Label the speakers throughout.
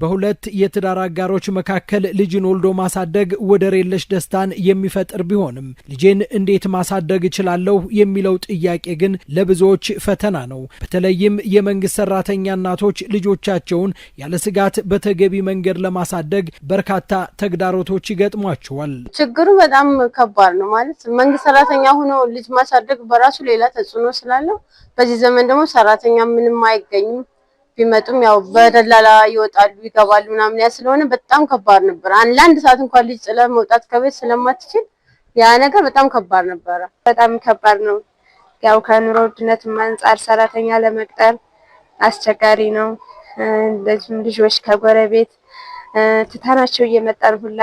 Speaker 1: በሁለት የትዳር አጋሮች መካከል ልጅን ወልዶ ማሳደግ ወደር የለሽ ደስታን የሚፈጥር ቢሆንም ልጄን እንዴት ማሳደግ እችላለሁ የሚለው ጥያቄ ግን ለብዙዎች ፈተና ነው። በተለይም የመንግስት ሰራተኛ እናቶች ልጆቻቸውን ያለ ስጋት በተገቢ መንገድ ለማሳደግ በርካታ ተግዳሮቶች ይገጥሟቸዋል።
Speaker 2: ችግሩ በጣም ከባድ ነው ማለት መንግስት ሰራተኛ ሆኖ ልጅ ማሳደግ በራሱ ሌላ ተጽዕኖ ስላለው በዚህ ዘመን ደግሞ ሰራተኛ ምንም አይገኝም ቢመጡም ያው በደላላ ይወጣሉ ይገባሉ ምናምን ያ ስለሆነ በጣም ከባድ ነበር። ለአንድ ሰዓት እንኳን ልጅ ጥለ መውጣት ከቤት ስለማትችል ያ ነገር በጣም ከባድ ነበረ። በጣም ከባድ ነው። ያው ከኑሮ ውድነት አንጻር ሰራተኛ ለመቅጠር አስቸጋሪ ነው። እንደዚሁም ልጆች ከጎረቤት ትታናቸው እየመጣን ሁላ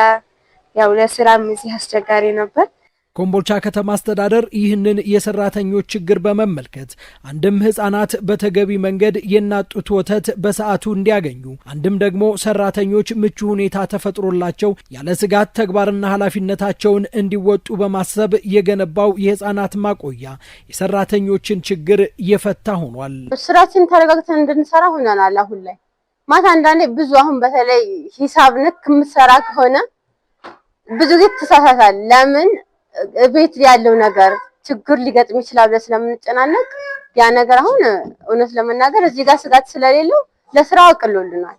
Speaker 2: ያው ለስራም እዚህ አስቸጋሪ ነበር።
Speaker 1: ኮምቦልቻ ከተማ አስተዳደር ይህንን የሰራተኞች ችግር በመመልከት አንድም ህጻናት በተገቢ መንገድ የናጡት ወተት በሰዓቱ እንዲያገኙ፣ አንድም ደግሞ ሰራተኞች ምቹ ሁኔታ ተፈጥሮላቸው ያለ ስጋት ተግባርና ኃላፊነታቸውን እንዲወጡ በማሰብ የገነባው የህጻናት ማቆያ የሰራተኞችን ችግር የፈታ ሆኗል።
Speaker 2: ስራችን ተረጋግተን እንድንሰራ ሆነናል። አሁን ላይ ማታ አንዳንዴ ብዙ አሁን በተለይ ሂሳብ ነክ የምትሰራ ከሆነ ብዙ ጊዜ ትሳሳታል። ለምን ቤት ያለው ነገር ችግር ሊገጥም ይችላል ብለን ስለምንጨናነቅ ያ ነገር አሁን እውነት ለመናገር እዚህ ጋር ስጋት ስለሌለው ለስራው አቅሎልናል።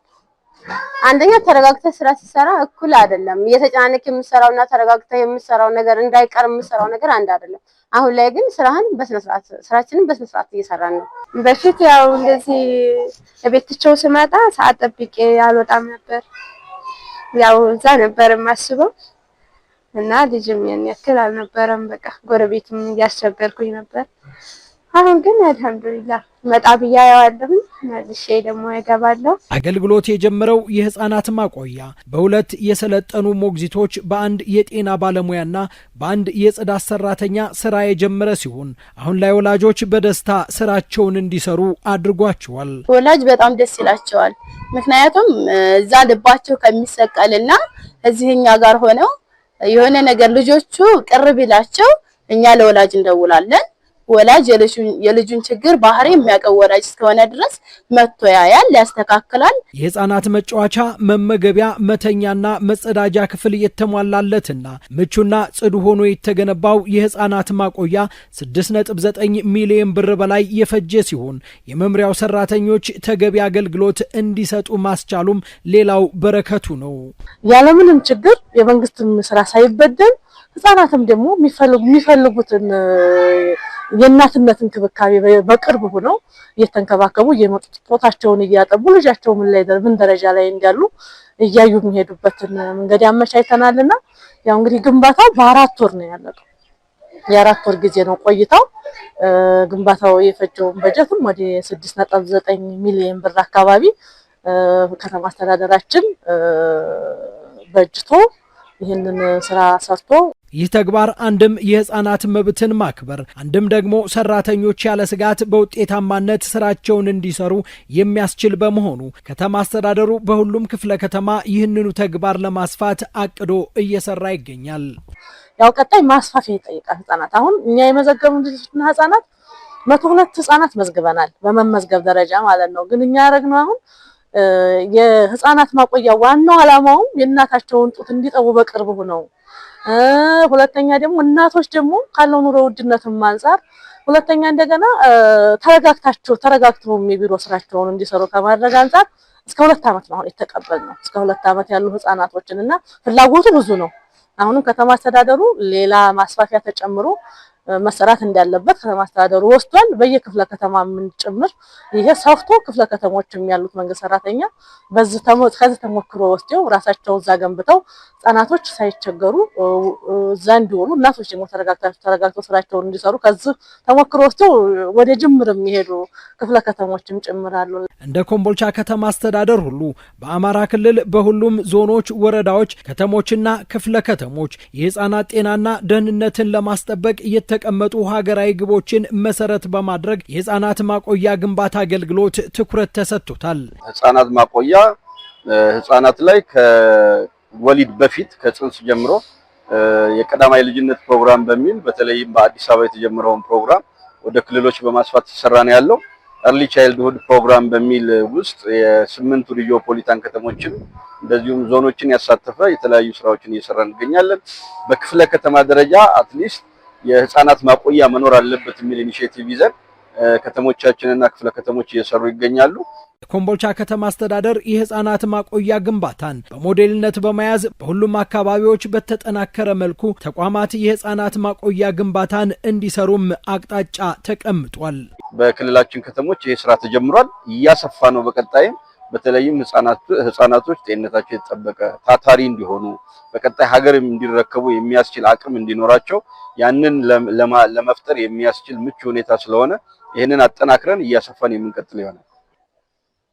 Speaker 2: አንደኛ ተረጋግተ ስራ ሲሰራ እኩል አይደለም። እየተጨናነቅ የምሰራውና ተረጋግተ የምሰራው ነገር እንዳይቀር የምሰራው ነገር አንድ አይደለም። አሁን ላይ ግን ስራህን በስነ ስርዓት ስራችንን በስነ ስርዓት እየሰራን ነው። በፊት ያው እንደዚህ ቤትቸው ስመጣ ሰዓት ጠብቄ አልወጣም ነበር። ያው እዛ ነበር የማስበው እና ልጅም ያን ያክል አልነበረም። በቃ ጎረቤትም እያስቸገርኩኝ ነበር። አሁን ግን አልሐምዱሊላህ መጣ ብያ ያዋለሁኝ መልሼ ደግሞ ያገባለሁ።
Speaker 1: አገልግሎት የጀመረው የህፃናት ማቆያ በሁለት የሰለጠኑ ሞግዚቶች በአንድ የጤና ባለሙያና በአንድ የጽዳት ሰራተኛ ስራ የጀመረ ሲሆን አሁን ላይ ወላጆች በደስታ ስራቸውን እንዲሰሩ አድርጓቸዋል።
Speaker 2: ወላጅ በጣም ደስ ይላቸዋል። ምክንያቱም እዛ ልባቸው ከሚሰቀልና እዚህኛ ጋር ሆነው የሆነ ነገር ልጆቹ ቅር ይላቸው እኛ ለወላጅ እንደውላለን ወላጅ የልጁን ችግር ባህሪ የሚያውቀው ወላጅ እስከሆነ ድረስ መጥቶ ያያል፣ ያስተካክላል።
Speaker 1: የህፃናት መጫወቻ፣ መመገቢያ፣ መተኛና መጸዳጃ ክፍል የተሟላለትና ምቹና ጽዱ ሆኖ የተገነባው የህፃናት ማቆያ 6.9 ሚሊዮን ብር በላይ የፈጀ ሲሆን የመምሪያው ሰራተኞች ተገቢ አገልግሎት እንዲሰጡ ማስቻሉም ሌላው በረከቱ ነው።
Speaker 2: ያለምንም ችግር የመንግስትን ስራ ሳይበደል ህጻናትም ደግሞ የሚፈልጉትን የእናትነት እንክብካቤ በቅርብ ሆነው እየተንከባከቡ እየመጡ ጡታቸውን እያጠቡ ልጃቸው ምን ላይ ምን ደረጃ ላይ እንዳሉ እያዩ የሚሄዱበትን መንገድ አመቻችተናልና ያው እንግዲህ ግንባታው በአራት ወር ነው ያለቀው። የአራት ወር ጊዜ ነው ቆይታው። ግንባታው የፈጀውን በጀትም ወደ ዘጠኝ ሚሊዮን ብር አካባቢ ከተማ አስተዳደራችን በጅቶ ይህንን ስራ ሰርቶ
Speaker 1: ይህ ተግባር አንድም የህፃናት መብትን ማክበር፣ አንድም ደግሞ ሰራተኞች ያለ ስጋት በውጤታማነት ስራቸውን እንዲሰሩ የሚያስችል በመሆኑ ከተማ አስተዳደሩ በሁሉም ክፍለ ከተማ ይህንኑ ተግባር ለማስፋት አቅዶ እየሰራ ይገኛል።
Speaker 2: ያው ቀጣይ ማስፋፊያ ይጠይቃል። ህጻናት አሁን እኛ የመዘገቡ ድርጅትና ህጻናት መቶ ሁለት ህጻናት መዝግበናል፣ በመመዝገብ ደረጃ ማለት ነው። ግን እኛ ያደረግነው አሁን የህፃናት ማቆያ ዋናው አላማውም የእናታቸውን ጡት እንዲጠቡ በቅርብ ሆነው ሁለተኛ ደግሞ እናቶች ደግሞ ካለው ኑሮ ውድነትም አንጻር ሁለተኛ እንደገና ተረጋግታቸው ተረጋግተውም የቢሮ ስራቸውን እንዲሰሩ ከማድረግ አንጻር እስከ ሁለት ዓመት ነው አሁን የተቀበልነው። እስከ ሁለት ዓመት ያሉ ህጻናቶችን እና ፍላጎቱ ብዙ ነው። አሁንም ከተማ አስተዳደሩ ሌላ ማስፋፊያ ተጨምሮ መሰራት እንዳለበት ከተማ አስተዳደሩ ወስዷል። በየክፍለ ከተማ ምን ጭምር ይሄ ሰፍቶ ክፍለ ከተሞች ያሉት መንግስት ሰራተኛ ከዚህ ተሞክሮ ወስደው ራሳቸው እዛ ገንብተው ህጻናቶች ሳይቸገሩ እዛ እንዲሆኑ እናቶች ደግሞ ተረጋግተው ስራቸውን እንዲሰሩ ከዚህ ተሞክሮ ወስደው ወደ ጅምር የሚሄዱ ክፍለ ከተሞችም አሉ።
Speaker 1: እንደ ኮምቦልቻ ከተማ አስተዳደር ሁሉ በአማራ ክልል በሁሉም ዞኖች፣ ወረዳዎች፣ ከተሞችና ክፍለ ከተሞች የህጻናት ጤናና ደህንነትን ለማስጠበቅ የተ የተቀመጡ ሀገራዊ ግቦችን መሰረት በማድረግ የህፃናት ማቆያ ግንባታ አገልግሎት ትኩረት ተሰጥቶታል።
Speaker 3: ህጻናት ማቆያ ህጻናት ላይ ከወሊድ በፊት ከጽንስ ጀምሮ የቀዳማይ ልጅነት ፕሮግራም በሚል በተለይም በአዲስ አበባ የተጀመረውን ፕሮግራም ወደ ክልሎች በማስፋት ተሰራ ነው ያለው። ኤርሊ ቻይልድሁድ ፕሮግራም በሚል ውስጥ የስምንቱ ሪዮፖሊታን ከተሞችን እንደዚሁም ዞኖችን ያሳተፈ የተለያዩ ስራዎችን እየሰራ እንገኛለን። በክፍለ ከተማ ደረጃ አትሊስት የህፃናት ማቆያ መኖር አለበት የሚል ኢኒሼቲቭ ይዘን ከተሞቻችንና ክፍለ ከተሞች እየሰሩ ይገኛሉ።
Speaker 1: የኮምቦልቻ ከተማ አስተዳደር የህፃናት ማቆያ ግንባታን በሞዴልነት በመያዝ በሁሉም አካባቢዎች በተጠናከረ መልኩ ተቋማት የህፃናት ማቆያ ግንባታን እንዲሰሩም አቅጣጫ ተቀምጧል።
Speaker 3: በክልላችን ከተሞች ይህ ስራ ተጀምሯል፣ እያሰፋ ነው። በቀጣይም በተለይም ህጻናቶች ጤንነታቸው የተጠበቀ ታታሪ እንዲሆኑ በቀጣይ ሀገር እንዲረከቡ የሚያስችል አቅም እንዲኖራቸው ያንን ለመፍጠር የሚያስችል ምቹ ሁኔታ ስለሆነ ይህንን አጠናክረን እያሰፋን የምንቀጥል ይሆናል።